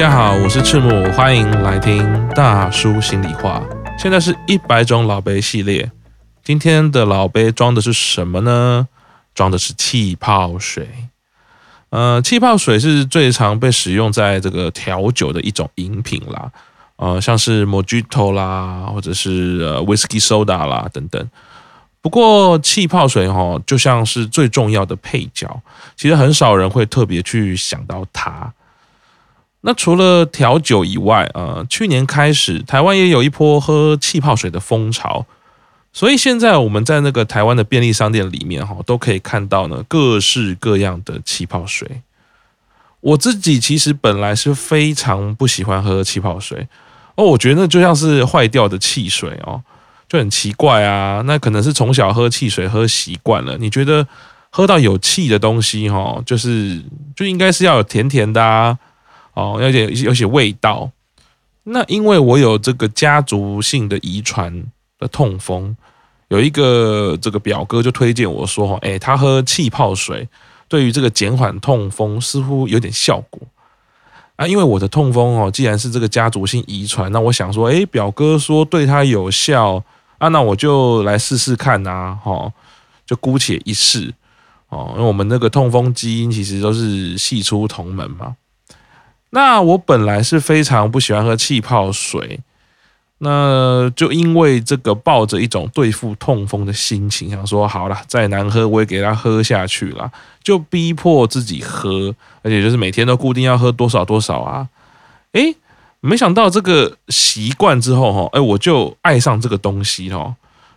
大家好，我是赤木，歡迎來聽大叔心裡話。現在是一百種老杯系列，今天的老杯裝的是什麼呢？裝的是氣泡水。呃，氣泡水是最常被使用在這個調酒的一種飲品啦。呃，像是 Mojito 啦，或者是 whisky soda 啦等等。不過氣泡水哈、哦，就像是最重要的配角，其實很少人會特別去想到它。那除了調酒以外啊，去年開始台灣也有一波喝氣泡水的風潮，所以現在我們在那個台灣的便利商店裡面哈，都可以看到呢各式各樣的氣泡水。我自己其實本來是非常不喜歡喝氣泡水哦，我覺得那就像是壞掉的汽水哦，就很奇怪啊。那可能是從小喝汽水喝習慣了，你覺得喝到有氣的東西哈、哦，就是就應該是要有甜甜的啊。哦，有點有些味道，那因為我有這個家族性的遺傳的痛風，有一個這個表哥就推薦我說，哎，他喝氣泡水，對於這個減緩痛風似乎有點效果啊。因為我的痛風哦，既然是這個家族性遺傳，那我想說，哎，表哥說對他有效啊，那我就來試試看吶，哈，就姑且一試哦。因為我們那個痛風基因其實都是系出同門嘛。那我本來是非常不喜歡喝氣泡水，那就因為這個抱着一種對付痛風的心情，想說好了，再難喝我也給它喝下去了，就逼迫自己喝，而且就是每天都固定要喝多少多少啊。誒，沒想到這個習慣之後哈，誒，我就愛上這個東西哦。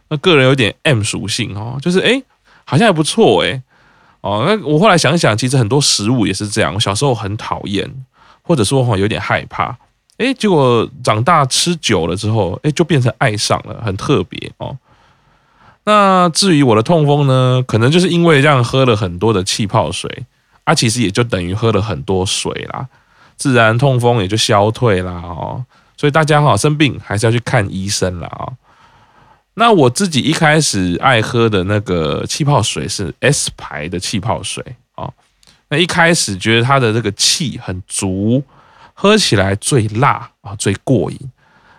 那個人有點 M 屬性哦，就是誒，好像還不錯誒。哦，那我後來想一想，其實很多食物也是這樣，我小時候很討厭。或者說哈有點害怕誒，結果長大吃久了之後誒，就變成愛上了，很特別哦。那至於我的痛風呢，可能就是因為這樣喝了很多的氣泡水，啊，其實也就等於喝了很多水啦，自然痛風也就消退啦哦。所以大家哈生病還是要去看醫生啦哦。啊。那我自己一開始愛喝的那個氣泡水是 S 牌的氣泡水啊。哦那一開始覺得它的這個氣很足，喝起來最辣啊，最過癮。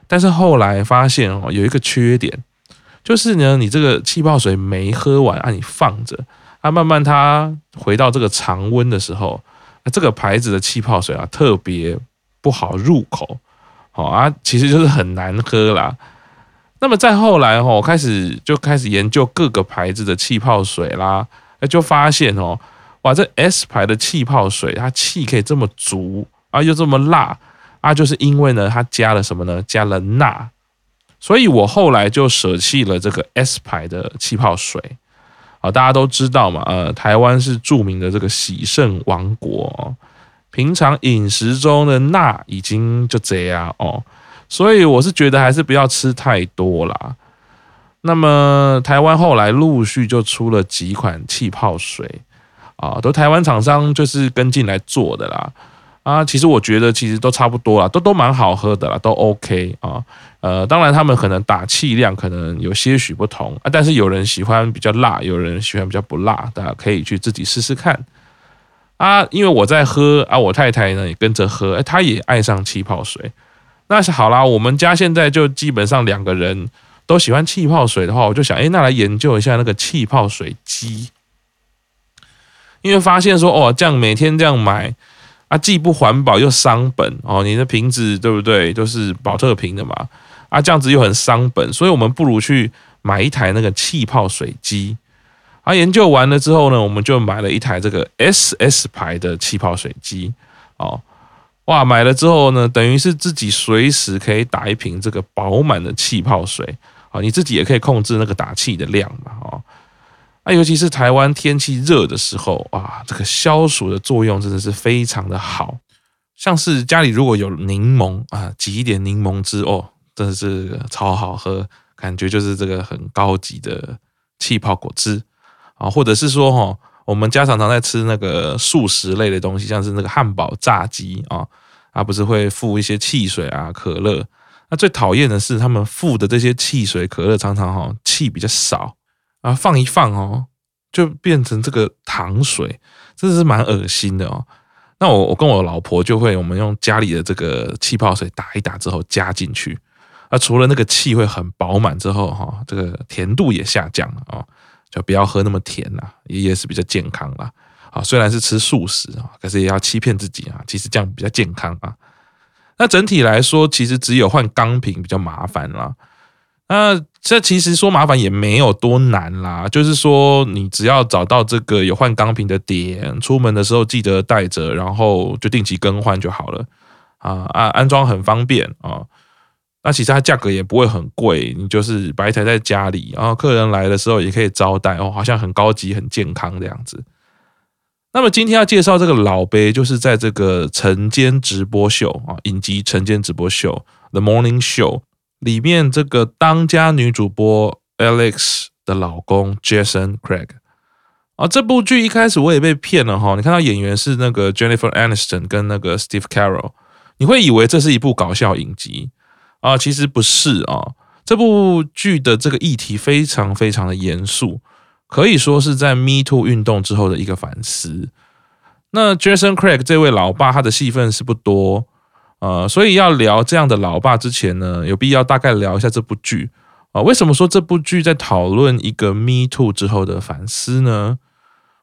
但是後來發現哦，有一個缺點，就是呢，你這個氣泡水沒喝完，啊，你放着，它慢慢它回到這個常溫的時候，這個牌子的氣泡水啊，特別不好入口，好啊，其實就是很難喝啦。那麼再後來哦，我開始就開始研究各個牌子的氣泡水啦，那就發現哦。哇，這 S 牌的氣泡水，它氣可以這麼足啊，又這麼辣啊，就是因為呢，它加了什麼呢？加了鈉。所以我後來就捨棄了這個 S 牌的氣泡水。啊，大家都知道嘛，呃，台灣是著名的這個“洗腎王國”，平常飲食中的鈉已經就這樣哦，所以我是覺得還是不要吃太多啦。那麼，台灣後來陸續就出了幾款氣泡水。啊，都台灣廠商就是跟進來做的啦，啊，其實我覺得其實都差不多啦，都都蠻好喝的啦，都 OK 啊，呃，當然他們可能打氣量可能有些許不同啊，但是有人喜歡比較辣，有人喜歡比較不辣，大家可以去自己試試看啊，因為我在喝啊，我太太呢也跟着喝，欸，她也愛上氣泡水，那是好啦，我們家現在就基本上兩個人都喜歡氣泡水的話，我就想，誒，那來研究一下那個氣泡水機。因為發現說哦，這樣每天這樣買啊，既不環保又傷本哦，你的瓶子對不對，都、就是寶特瓶的嘛，啊，這樣子又很傷本，所以我們不如去買一台那個氣泡水機啊。研究完了之後呢，我們就買了一台這個 S S 牌的氣泡水機哦，哇，買了之後呢，等於是自己隨時可以打一瓶這個飽滿的氣泡水啊、哦，你自己也可以控制那個打氣的量嘛，哦。啊，尤其是台灣天氣熱的時候啊，這個消暑的作用真的是非常的好。像是家裡如果有檸檬啊，擠一點檸檬汁哦，真的是超好喝，感覺就是這個很高級的氣泡果汁啊。或者是說哈，我們家常常在吃那個速食類的東西，像是那個漢堡、炸雞啊啊，不是會附一些汽水啊、可樂。那最討厭的是他們附的這些汽水、可樂，常常哈氣比較少。啊，放一放哦，就變成這個糖水，真的是蠻惡心的哦。那我我跟我老婆就會，我們用家裡的這個氣泡水打一打之後加進去。啊，除了那個氣會很飽滿之後，哈，這個甜度也下降了啊，就不要喝那麼甜啦，也也是比較健康啦。啊，雖然是吃素食啊，可是也要欺騙自己啊，其實這樣比較健康啊。那整體來說，其實只有換鋼瓶比較麻煩了。那這其實說麻煩也沒有多難啦，就是說你只要找到這個有換鋼瓶的點，出門的時候記得帶着，然後就定期更換就好了。啊啊，安裝很方便啊。那其實它價格也不會很貴，你就是擺台在家裡，然後客人來的時候也可以招待哦，好像很高級、很健康這樣子。那麼今天要介紹這個老杯，就是在這個晨間直播秀啊，影集晨間直播秀 The Morning Show 裡面這個當家女主播 Alex 的老公 Jason Craig 啊，這部劇一開始我也被騙了哈、哦。你看到演員是那個 Jennifer Aniston 跟那個 Steve Carell 你會以為這是一部搞笑影集啊，其實不是啊、哦。這部劇的這個議題非常非常的嚴肅，可以說是在 Me Too 運動之後的一個反思。那 Jason Craig 這位老爸他的戲份是不多，呃，所以要聊這樣的老杯之前呢，有必要大概聊一下這部劇啊，呃，為什麼說這部劇在討論一個 Me Too 之後的反思呢？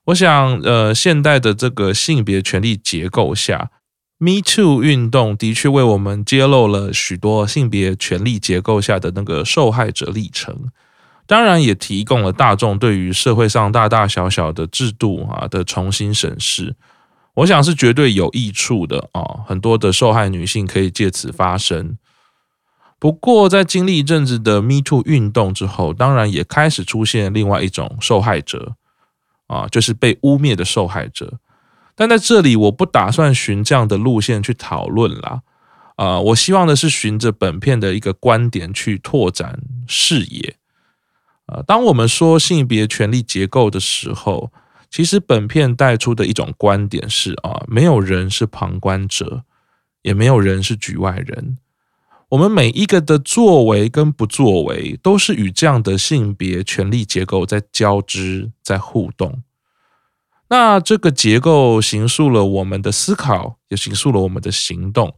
我想，呃，現代的這個性別權力結構下，Me Too 運動的確為我們揭露了許多性別權力結構下的那個受害者歷程，當然也提供了大眾對於社會上大大小小的制度啊的重新審視。我想是絕對有益處的啊，很多的受害女性可以借此發聲。不過，在經歷一陣子的 Me Too 運動之後，當然也開始出現另外一種受害者啊，就是被污蔑的受害者。但在這裡，我不打算循這樣的路線去討論啦啊。我希望的是循着本片的一個觀點去拓展視野。啊，當我們說性別權力結構的時候。其實，本片帶出的一種觀點是：啊，沒有人是旁觀者，也沒有人是局外人。我們每一個的作為跟不作為，都是與這樣的性別權力結構在交織、在互動。那這個結構形塑了我們的思考，也形塑了我們的行動。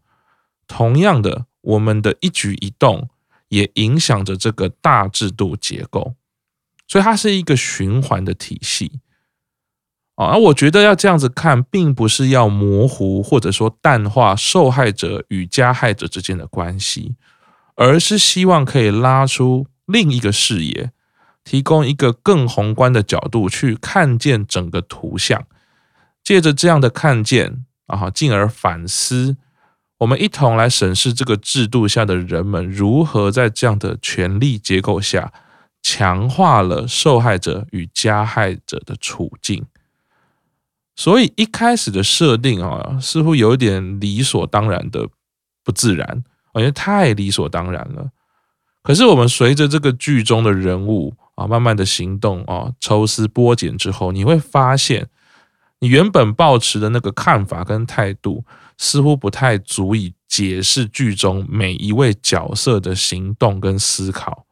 同樣的，我們的一舉一動也影響着這個大制度結構，所以它是一個循環的體系。而我覺得要這樣子看，並不是要模糊或者說淡化受害者與加害者之間的關係，而是希望可以拉出另一個視野，提供一個更宏觀的角度去看見整個圖像。借着這樣的看見，啊，進而反思，我們一同來審視這個制度下的人們如何在這樣的權力結構下強化了受害者與加害者的處境。所以一開始的設定啊，似乎有點理所當然的不自然，因為太理所當然了。可是我們隨着這個劇中的人物啊，慢慢的行動啊，抽絲剝繭之後，你會發現，你原本抱持的那個看法跟態度，似乎不太足以解釋劇中每一位角色的行動跟思考。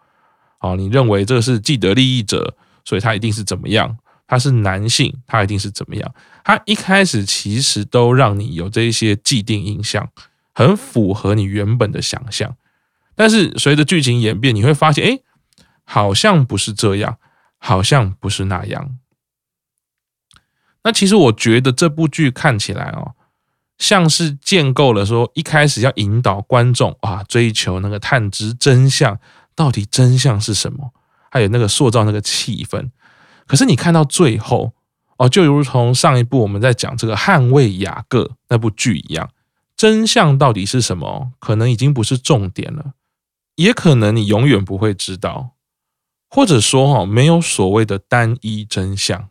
啊，你認為這是既得利益者，所以他一定是怎麼樣？他是男性，他一定是怎麼樣？他一開始其實都讓你有這一些既定印象，很符合你原本的想象。但是隨着劇情演變，你會發現，哎，好像不是這樣，好像不是那樣。那其實我覺得這部劇看起來哦，像是建構了說一開始要引導觀眾啊，追求那個探知真相，到底真相是什麼，還有那個塑造那個氣氛。可是你看到最後哦，就如同上一部我們在講這個《捍衛雅各》那部劇一樣，真相到底是什麼，可能已經不是重點了，也可能你永遠不會知道，或者說哈，沒有所謂的單一真相。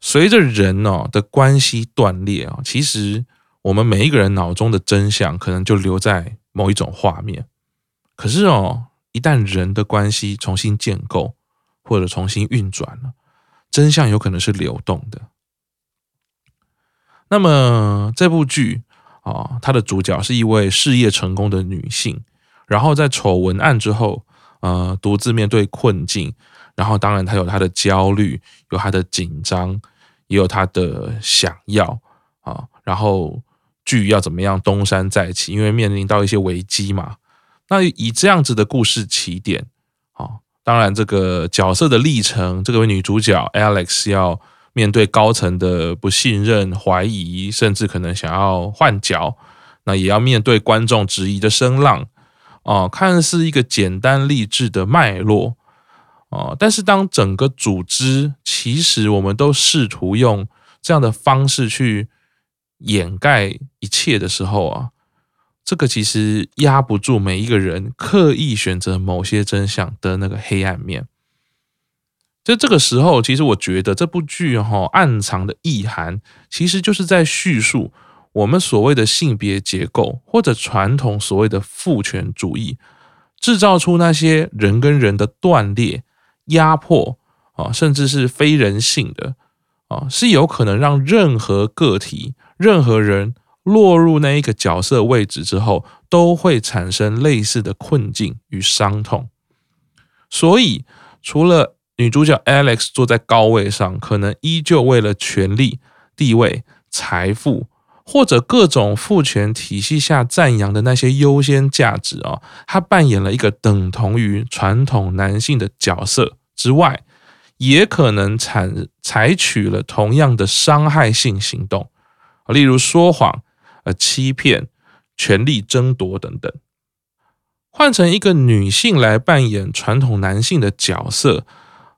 隨着人哦的關係斷裂啊，其實我們每一個人腦中的真相可能就留在某一種畫面。可是哦，一旦人的關係重新建構，或者重新運轉了，真相有可能是流動的。那麼這部劇啊、哦，它的主角是一位事業成功的女性，然後在醜聞案之後，呃，獨自面對困境，然後當然她有她的焦慮，有她的緊張，也有她的想要啊、哦。然後劇要怎麼樣東山再起？因為面臨到一些危機嘛。那以這樣子的故事起點。當然，這個角色的歷程，這個女主角 Alex 要面對高層的不信任、懷疑，甚至可能想要換角，那也要面對觀眾質疑的聲浪啊、呃！看似一個簡單勵志的脈絡啊、呃，但是當整個組織其實我們都試圖用這樣的方式去掩蓋一切的時候啊。這個其實壓不住每一個人刻意選擇某些真相的那個黑暗面。在這個時候，其實我覺得這部劇哈、哦、暗藏的意涵，其實就是在敘述我們所謂的性別結構或者傳統所謂的父權主義，制造出那些人跟人的斷裂、壓迫啊，甚至是非人性的啊，是有可能讓任何個體、任何人。落入那一個角色位置之後，都會產生類似的困境與傷痛。所以，除了女主角 Alex 坐在高位上，可能依舊為了權力、地位、財富或者各種父權體系下讚揚的那些優先價值啊，她扮演了一個等同於傳統男性的角色之外，也可能採採取了同樣的傷害性行動，例如說謊。欺騙、權力爭奪等等，換成一個女性來扮演傳統男性的角色，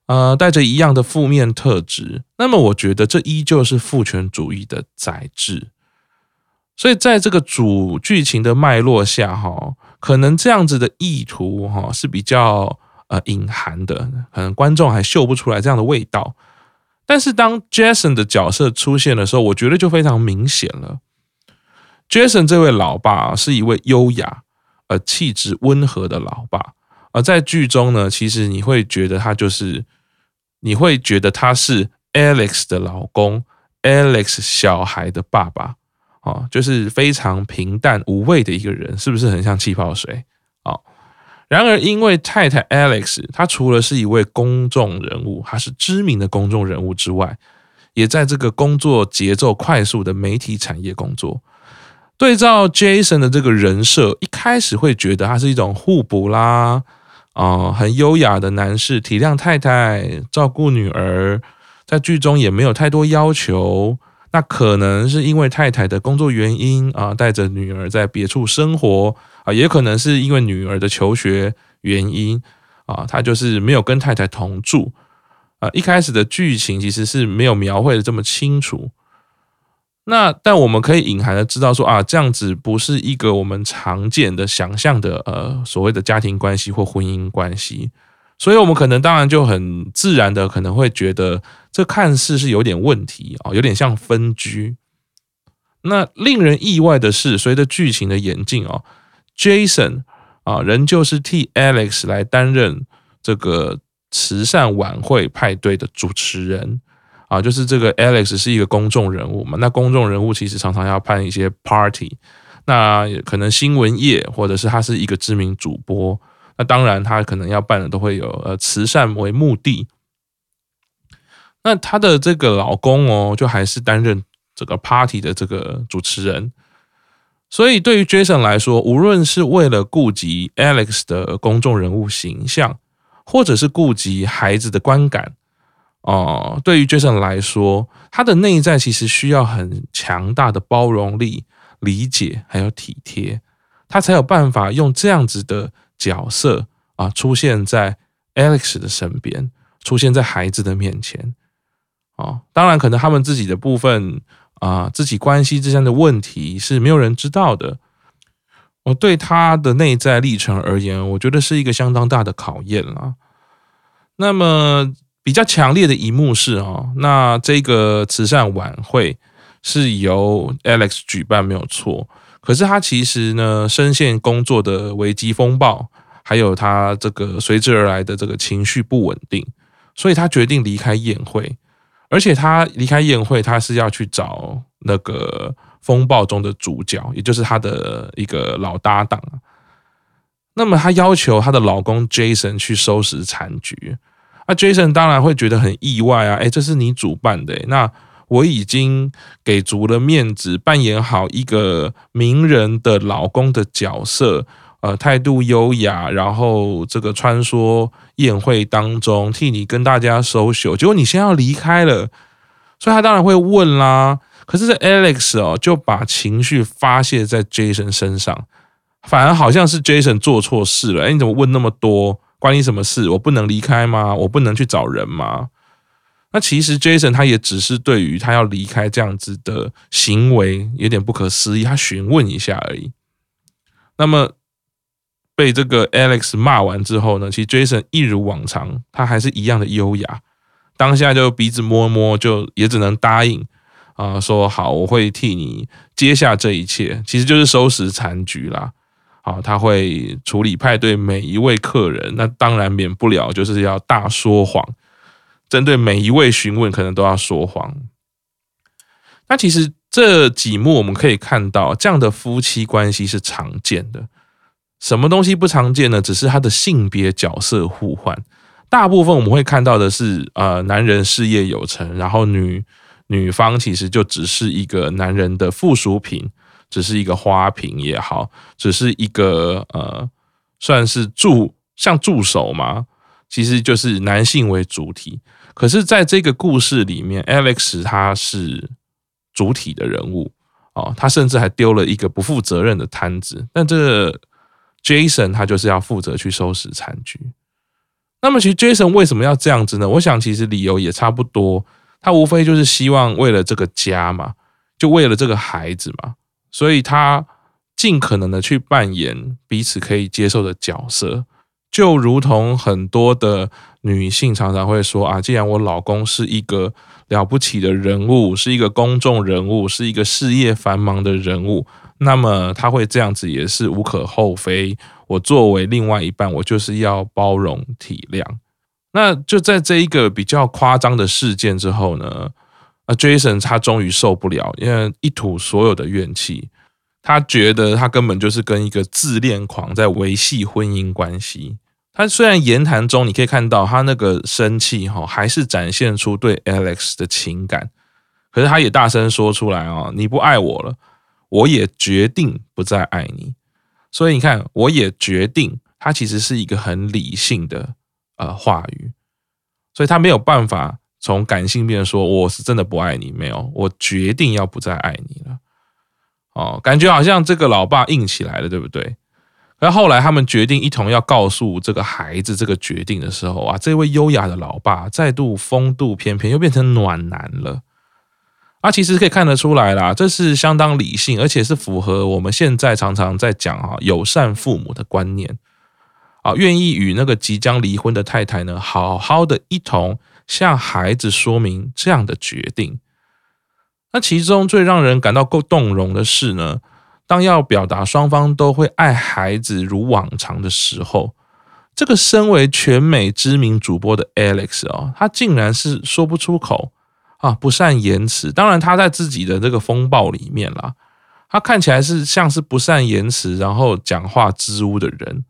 呃，帶着一樣的負面特質，那麼我覺得這依舊是父權主義的宰制。所以在這個主劇情的脈絡下，哈、哦，可能這樣子的意圖，哈、哦，是比較呃隱含的，可能觀眾還嗅不出來這樣的味道。但是當 Jason 的角色出現的時候，我覺得就非常明顯了。Jason 這位老爸是一位優雅而氣質溫和的老爸，而在劇中呢，其實你會覺得他就是，你會覺得他是 Alex 的老公，Alex 小孩的爸爸。啊、哦，就是非常平淡無味的一個人，是不是很像氣泡水？啊、哦，然而因為太太 Alex，她除了是一位公眾人物，她是知名的公眾人物之外，也在這個工作節奏快速的媒體產業工作。對照 Jason 的這個人設，一開始會覺得他是一種互補啦，啊、呃，很優雅的男士，體諒太太，照顧女兒，在劇中也沒有太多要求。那可能是因為太太的工作原因啊、呃，帶着女兒在別處生活啊、呃，也可能是因為女兒的求學原因啊、呃，他就是沒有跟太太同住。啊、呃，一開始的劇情其實是沒有描繪的這麼清楚。那但我們可以隱含的知道說啊，這樣子不是一個我們常見的想象的呃所謂的家庭關係或婚姻關係，所以我們可能當然就很自然的可能會覺得這看似是有點問題啊、哦，有點像分居。那令人意外的是，隨着劇情的演進啊、哦，Jason 啊仍舊是替 Alex 來擔任這個慈善晚會派對的主持人。啊，就是這個 Alex 是一個公眾人物嘛，那公眾人物其實常常要辦一些 party，那也可能新聞業或者是他是一個知名主播，那當然他可能要辦的都會有呃慈善為目的。那他的這個老公哦，就還是擔任這個 party 的這個主持人。所以對於 Jason 來說，無論是為了顧及 Alex 的公眾人物形象，或者是顧及孩子的觀感。哦，對於 Jason 來說，他的內在其實需要很強大的包容力、理解還有體貼，他才有辦法用這樣子的角色啊出現在 Alex 的身邊，出現在孩子的面前。哦，當然可能他們自己的部分啊，自己關係之間的問題是沒有人知道的。我對他的內在歷程而言，我覺得是一個相當大的考驗啦。那麼。比較強烈的一幕是，哦，那這個慈善晚會是由 Alex 舉辦，沒有錯。可是他其實呢，深陷工作的危機風暴，還有他這個隨之而來的這個情緒不穩定，所以他決定離開宴會。而且他離開宴會，他是要去找那個風暴中的主角，也就是他的一個老搭檔。那麼他要求她的老公 Jason 去收拾殘局。啊，Jason 當然會覺得很意外啊！哎，這是你主辦的，欸，那我已經給足了面子，扮演好一個名人的老公的角色，呃，態度優雅，然後這個穿梭宴會當中替你跟大家 social，結果你先要離開了，所以他當然會問啦。可是這 Alex 哦，就把情緒發洩在 Jason 身上，反而好像是 Jason 做錯事了，哎，你怎麼問那麼多？關你什麼事？我不能離開嗎？我不能去找人嗎？那其實 Jason 他也只是對於他要離開這樣子的行為有點不可思議，他詢問一下而已。那麼被這個 Alex 罵完之後呢？其實 Jason 一如往常，他還是一樣的優雅。當下就鼻子摸摸，就也只能答應啊、呃，說好，我會替你接下這一切，其實就是收拾殘局啦。好，他會處理派對每一位客人，那當然免不了就是要大說謊，針對每一位詢問，可能都要說謊。那其實這幾幕我們可以看到，這樣的夫妻關係是常見的。什麼東西不常見呢？只是他的性別角色互換。大部分我們會看到的是，呃，男人事業有成，然後女女方其實就只是一個男人的附屬品。只是一個花瓶也好，只是一個呃，算是助，像助手嘛，其實就是男性為主體。可是，在這個故事裡面，Alex 他是主體的人物哦，他甚至還丟了一個不負責任的攤子，但這個 Jason 他就是要負責去收拾殘局。那麼，其實 Jason 為什麼要這樣子呢？我想，其實理由也差不多，他無非就是希望為了這個家嘛，就為了這個孩子嘛。所以他盡可能的去扮演彼此可以接受的角色，就如同很多的女性常常會說啊，既然我老公是一個了不起的人物，是一個公眾人物，是一個事業繁忙的人物，那麼他會這樣子也是無可厚非。我作為另外一半，我就是要包容體諒。那就在這一個比較誇張的事件之後呢，啊，Jason，他終於受不了，因為一吐所有的怨氣，他覺得他根本就是跟一個自戀狂在維繫婚姻關係。他雖然言談中你可以看到他那個生氣哈，還是展現出對 Alex 的情感，可是他也大聲說出來啊，“你不愛我了，我也決定不再愛你。”所以你看，我也決定，他其實是一個很理性的呃話語，所以他沒有辦法。從感性面說，我是真的不愛你，沒有，我決定要不再愛你了。哦，感覺好像這個老爸硬起來了，對不對？而後來他們決定一同要告訴這個孩子這個決定的時候啊，這位優雅的老爸再度風度翩翩，又變成暖男了。啊，其實可以看得出來啦，這是相當理性，而且是符合我們現在常常在講啊友善父母的觀念。啊，願意與那個即將離婚的太太呢，好好的一同，向孩子說明這樣的決定，那其中最讓人感到夠動容的是呢？當要表達雙方都會愛孩子如往常的時候，這個身為全美知名主播的 Alex 哦，他竟然是說不出口啊，不善言辭。當然，他在自己的這個風暴裡面啦，他看起來是像是不善言辭，然後講話支吾的人，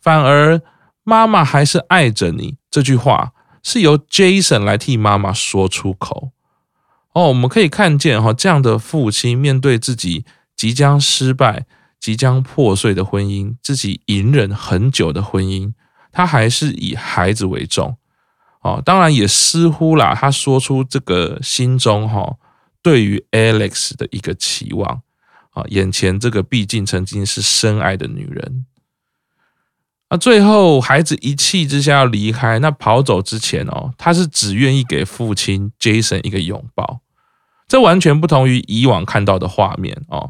反而媽媽還是愛着你這句話。是由 Jason 來替媽媽說出口哦，我們可以看見哈，這樣的父親面對自己即將失敗、即將破碎的婚姻，自己隱忍很久的婚姻，他還是以孩子為重啊，當然也似乎啦，他說出這個心中哈，對於 Alex 的一個期望啊，眼前這個畢竟曾經是深愛的女人。那最後，孩子一氣之下要離開。那跑走之前哦，他是只願意給父親 Jason 一個擁抱。這完全不同於以往看到的畫面哦。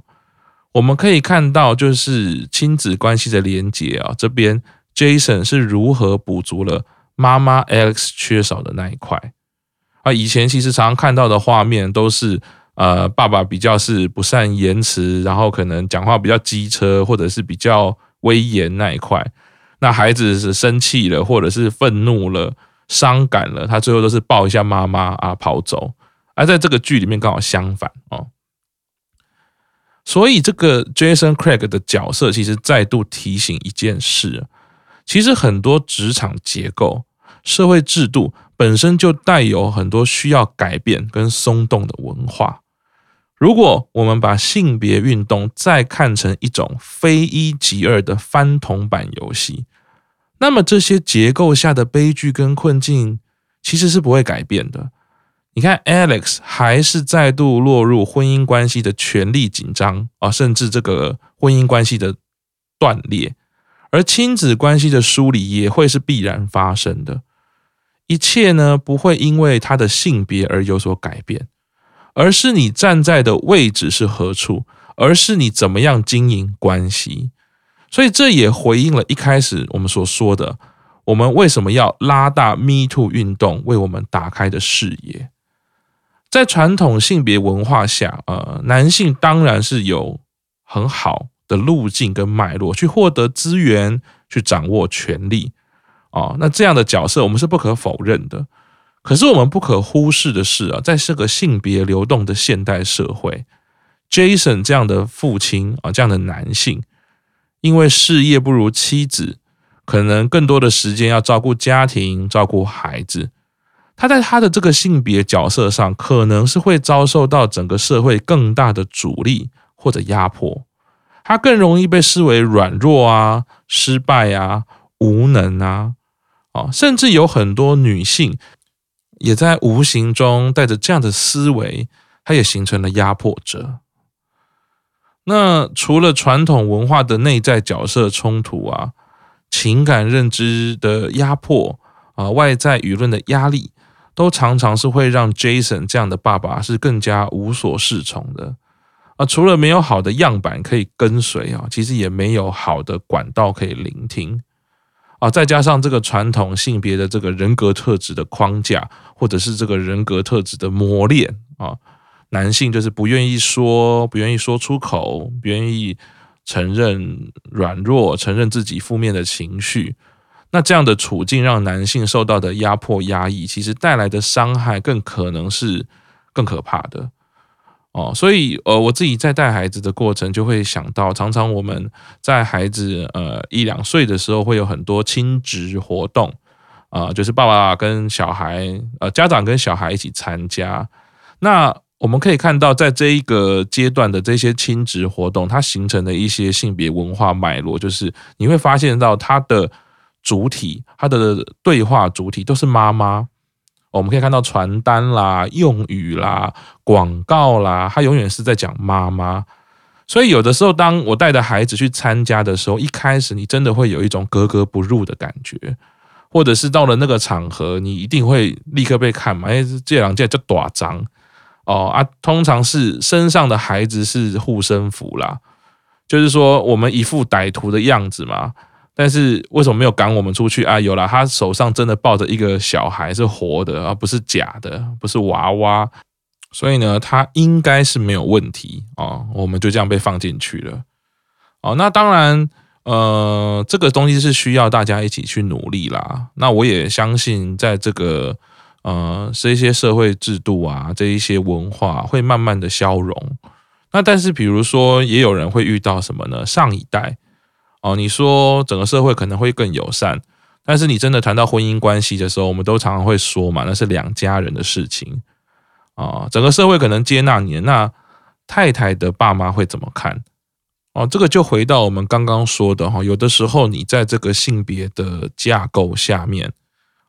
我們可以看到，就是親子關係的連結啊、哦。這邊 Jason 是如何補足了媽媽 Alex 缺少的那一塊。啊，以前其實常常看到的畫面都是，呃，爸爸比較是不善言辭，然後可能講話比較機車，或者是比較威嚴那一塊。那孩子是生氣了，或者是憤怒了、傷感了，他最後都是抱一下媽媽啊，跑走。而在這個劇裡面剛好相反哦。所以這個 Jason Craig 的角色其實再度提醒一件事，其實很多職場結構、社會制度本身就帶有很多需要改變跟鬆動的文化。如果我們把性別運動再看成一種非一即二的翻銅板遊戲，那麼這些結構下的悲劇跟困境其實是不會改變的。你看，Alex 還是再度落入婚姻關係的權力緊張啊，甚至這個婚姻關係的斷裂，而親子關係的梳理也會是必然發生的。一切呢，不會因為他的性別而有所改變，而是你站在的位置是何處，而是你怎麼樣經營關係。所以這也回應了一開始我們所說的，我們為什麼要拉大 “Me Too” 運動為我們打開的視野？在傳統性別文化下，呃，男性當然是有很好的路徑跟脈絡去獲得資源、去掌握權力啊。那這樣的角色我們是不可否認的。可是我們不可忽視的是啊，在這個性別流動的現代社會，Jason 這樣的父親啊，這樣的男性。因為事業不如妻子，可能更多的時間要照顧家庭、照顧孩子，他在他的這個性別角色上，可能是會遭受到整個社會更大的阻力或者壓迫，他更容易被視為軟弱啊、失敗啊、無能啊，哦，甚至有很多女性也在無形中帶着這樣的思維，她也形成了壓迫者。那除了傳統文化的內在角色衝突啊、情感認知的壓迫啊、外在輿論的壓力，都常常是會讓 Jason 這樣的爸爸是更加無所適從的啊。除了沒有好的樣板可以跟隨啊，其實也沒有好的管道可以聆聽啊。再加上這個傳統性別的這個人格特質的框架，或者是這個人格特質的磨練啊。男性就是不願意說，不願意說出口，不願意承認軟弱，承認自己負面的情緒。那這樣的處境讓男性受到的壓迫、壓抑，其實帶來的傷害更可能是更可怕的。哦，所以呃，我自己在帶孩子的過程就會想到，常常我們在孩子呃一兩歲的時候會有很多親子活動啊、呃，就是爸爸媽媽跟小孩、呃家長跟小孩一起參加，那，我們可以看到，在這一個階段的這些親子活動，它形成的一些性別文化脈絡，就是你會發現到它的主體、它的對話主體都是媽媽。我們可以看到傳單啦、用語啦、廣告啦，它永遠是在講媽媽。所以有的時候，當我帶着孩子去參加的時候，一開始你真的會有一種格格不入的感覺，或者是到了那個場合，你一定會立刻被看嘛，誒，這兩件就短哦啊，通常是身上的孩子是護身符啦，就是說我們一副歹徒的樣子嘛，但是為什麼沒有趕我們出去啊？有啦，他手上真的抱着一個小孩，是活的、啊，而不是假的，不是娃娃，所以呢，他應該是沒有問題哦。我們就這樣被放進去了。哦，那當然，呃，這個東西是需要大家一起去努力啦。那我也相信，在這個。呃，是一些社會制度啊，這一些文化啊，會慢慢的消融。那但是，比如說，也有人會遇到什麼呢？上一代哦，你說整個社會可能會更友善，但是你真的談到婚姻關係的時候，我們都常常會說嘛，那是兩家人的事情啊。哦，整個社會可能接納你的，那太太的爸媽會怎麼看？哦，這個就回到我們剛剛說的哈，哦，有的時候你在這個性別的架構下面。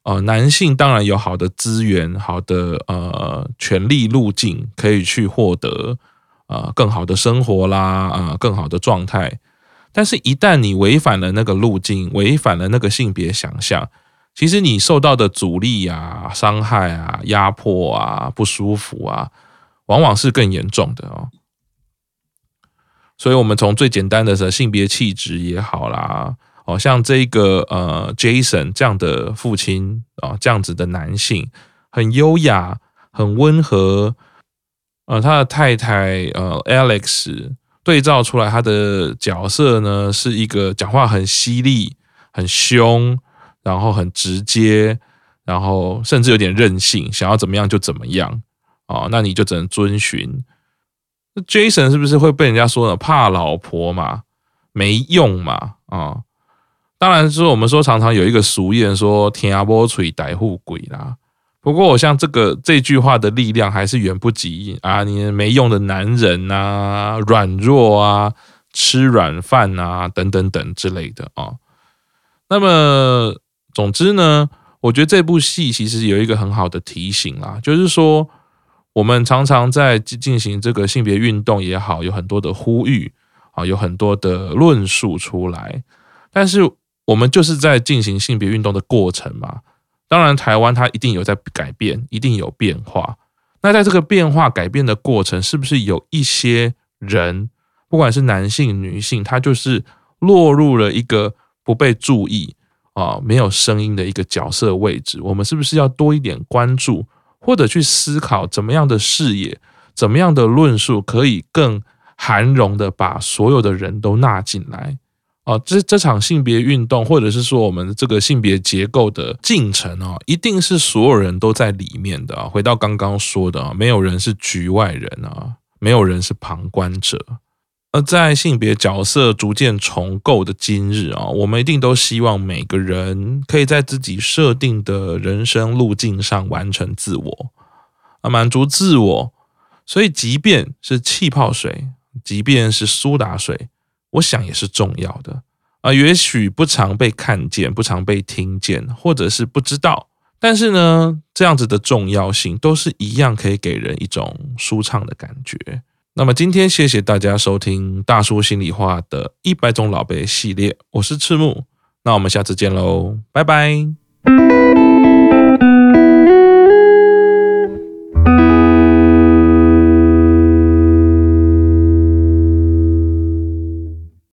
呃，男性當然有好的資源、好的呃權力路徑可以去獲得，呃，更好的生活啦，呃，更好的狀態。但是，一旦你違反了那個路徑，違反了那個性別想象，其實你受到的阻力啊、傷害啊、壓迫啊、不舒服啊，往往是更嚴重的哦。所以，我們從最簡單的說，性別氣質也好啦。好像這一個呃，Jason 這樣的父親啊，這樣子的男性，很優雅、很溫和，呃，他的太太呃，Alex 對照出來，他的角色呢是一個講話很犀利、很兇，然後很直接，然後甚至有點任性，想要怎麼樣就怎麼樣啊，那你就只能遵循。Jason 是不是會被人家說呢？怕老婆嘛，沒用嘛，啊？當然是，我們說常常有一個俗諺說“天涯波吹歹婦鬼”啦。不過，我像這個這句話的力量，還是遠不及啊，你沒用的男人吶、啊，軟弱啊，吃軟飯啊，等等等之類的啊。那麼，總之呢，我覺得這部戲其實有一個很好的提醒啦、啊，就是說，我們常常在進進行這個性別運動也好，有很多的呼籲啊，有很多的論述出來，但是。我們就是在進行性別運動的過程嘛。當然，台灣它一定有在改變，一定有變化。那在這個變化、改變的過程，是不是有一些人，不管是男性、女性，他就是落入了一個不被注意、啊，沒有聲音的一個角色位置？我們是不是要多一點關注，或者去思考怎麼樣的視野、怎麼樣的論述，可以更含容的把所有的人都納進來？啊，這這場性別運動，或者是說我們這個性別結構的進程啊，一定是所有人都在裡面的啊。回到剛剛說的啊，沒有人是局外人啊，沒有人是旁觀者。而在性別角色逐漸重構的今日啊，我們一定都希望每個人可以在自己設定的人生路徑上完成自我啊，滿足自我。所以，即便是氣泡水，即便是蘇打水。我想也是重要的啊、呃，也許不常被看見，不常被聽見，或者是不知道，但是呢，這樣子的重要性都是一樣，可以給人一種舒暢的感覺。那麼今天謝謝大家收聽大叔心裡話的一百種老杯系列，我是赤木，那我們下次見嘍，拜拜。